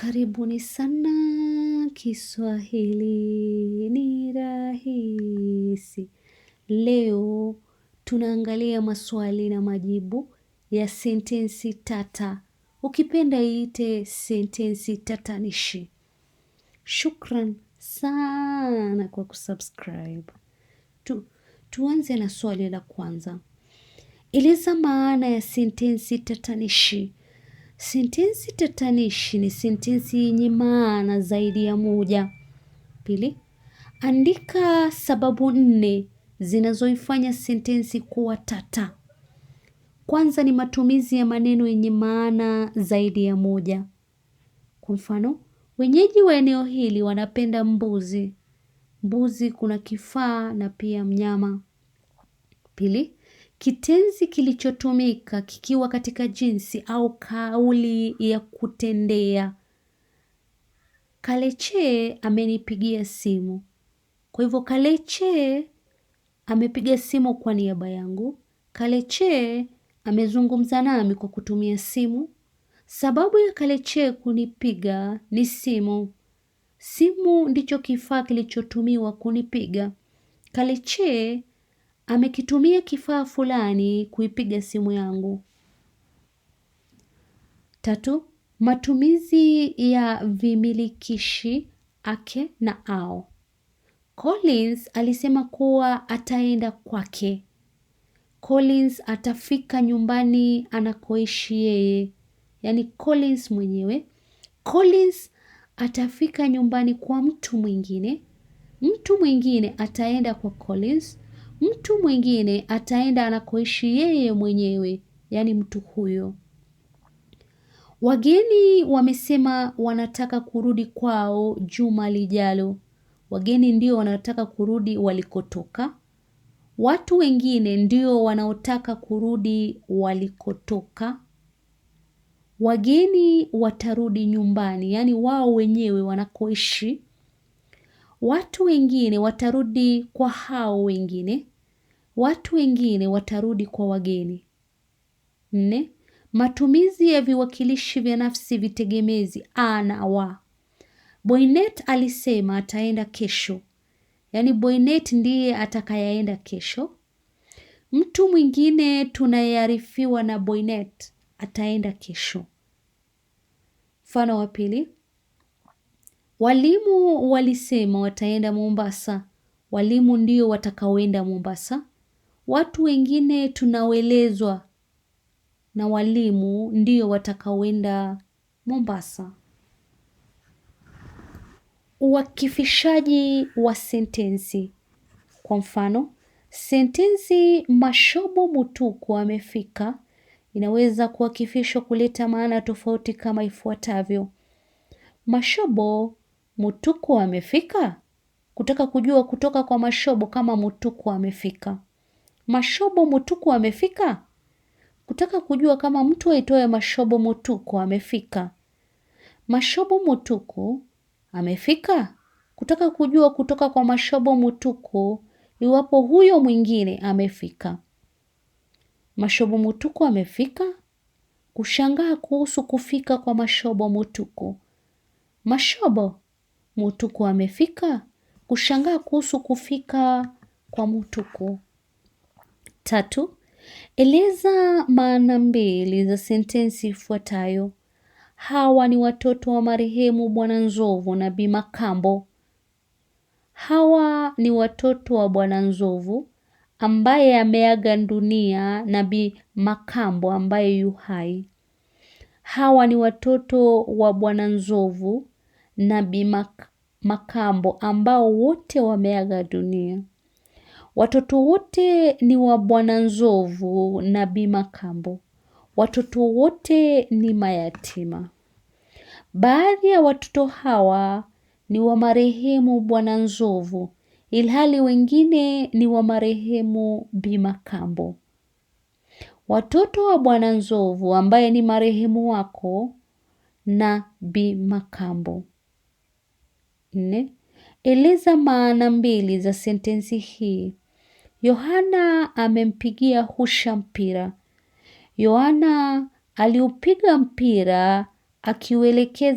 Karibuni sana Kiswahili ni rahisi. Leo tunaangalia maswali na majibu ya sentensi tata. Ukipenda iite sentensi tatanishi. Shukran sana kwa kusubscribe. Tu, tuanze na swali la kwanza. Eleza maana ya sentensi tatanishi. Sentensi tatanishi ni sentensi yenye maana zaidi ya moja. Pili, andika sababu nne zinazoifanya sentensi kuwa tata. Kwanza ni matumizi ya maneno yenye maana zaidi ya moja. Kwa mfano, wenyeji wa eneo hili wanapenda mbuzi. Mbuzi kuna kifaa na pia mnyama. Pili, Kitenzi kilichotumika kikiwa katika jinsi au kauli ya kutendea. Kaleche amenipigia simu. Kwa hivyo Kaleche amepiga simu kwa niaba yangu. Kaleche amezungumza nami kwa kutumia simu. Sababu ya Kaleche kunipiga ni simu. Simu ndicho kifaa kilichotumiwa kunipiga. Kaleche amekitumia kifaa fulani kuipiga simu yangu. Tatu, matumizi ya vimilikishi ake na ao. Collins alisema kuwa ataenda kwake. Collins atafika nyumbani anakoishi yeye, yaani Collins mwenyewe. Collins atafika nyumbani kwa mtu mwingine, mtu mwingine ataenda kwa Collins, mtu mwingine ataenda anakoishi yeye mwenyewe, yaani mtu huyo. Wageni wamesema wanataka kurudi kwao juma lijalo. Wageni ndio wanataka kurudi walikotoka. Watu wengine ndio wanaotaka kurudi walikotoka. Wageni watarudi nyumbani, yaani wao wenyewe wanakoishi. Watu wengine watarudi kwa hao wengine watu wengine watarudi kwa wageni. Nne, matumizi ya viwakilishi vya nafsi vitegemezi a na wa. Boynet alisema ataenda kesho, yaani Boynet ndiye atakayeenda kesho. Mtu mwingine tunayearifiwa na Boynet ataenda kesho. Mfano wa pili, walimu walisema wataenda Mombasa. Walimu ndio watakaoenda Mombasa. Watu wengine tunaoelezwa na walimu ndio watakaoenda Mombasa. uwakifishaji wa sentensi. Kwa mfano, sentensi Mashobo Mutuku amefika inaweza kuakifishwa kuleta maana tofauti kama ifuatavyo: Mashobo Mutuku amefika, kutaka kujua kutoka kwa Mashobo kama Mutuku amefika. Mashobo Mutuku amefika? Kutaka kujua kama mtu aitwaye Mashobo Mutuku amefika. Mashobo Mutuku amefika? Kutaka kujua kutoka kwa Mashobo Mutuku iwapo huyo mwingine amefika. Mashobo Mutuku amefika? Kushangaa kuhusu kufika kwa Mashobo Mutuku. Mashobo Mutuku amefika? Kushangaa kuhusu kufika kwa Mutuku. Tatu, eleza maana mbili za sentensi ifuatayo. Hawa ni watoto wa marehemu Bwana Nzovu na Bi Makambo. Hawa ni watoto wa Bwana Nzovu ambaye ameaga dunia na Bi Makambo ambaye yu hai. Hawa ni watoto wa Bwana Nzovu na Bi Makambo ambao wote wameaga dunia. Watoto wote ni wa Bwana Nzovu na Bi makambo Watoto wote ni mayatima. Baadhi ya watoto hawa ni wa marehemu Bwana Nzovu ilhali wengine ni wa marehemu Bi Makambako. Watoto wa Bwana Nzovu ambaye ni marehemu wako na Bi makambo Nne, eleza maana mbili za sentensi hii. Yohana amempigia Husha mpira. Yohana aliupiga mpira akiuelekeza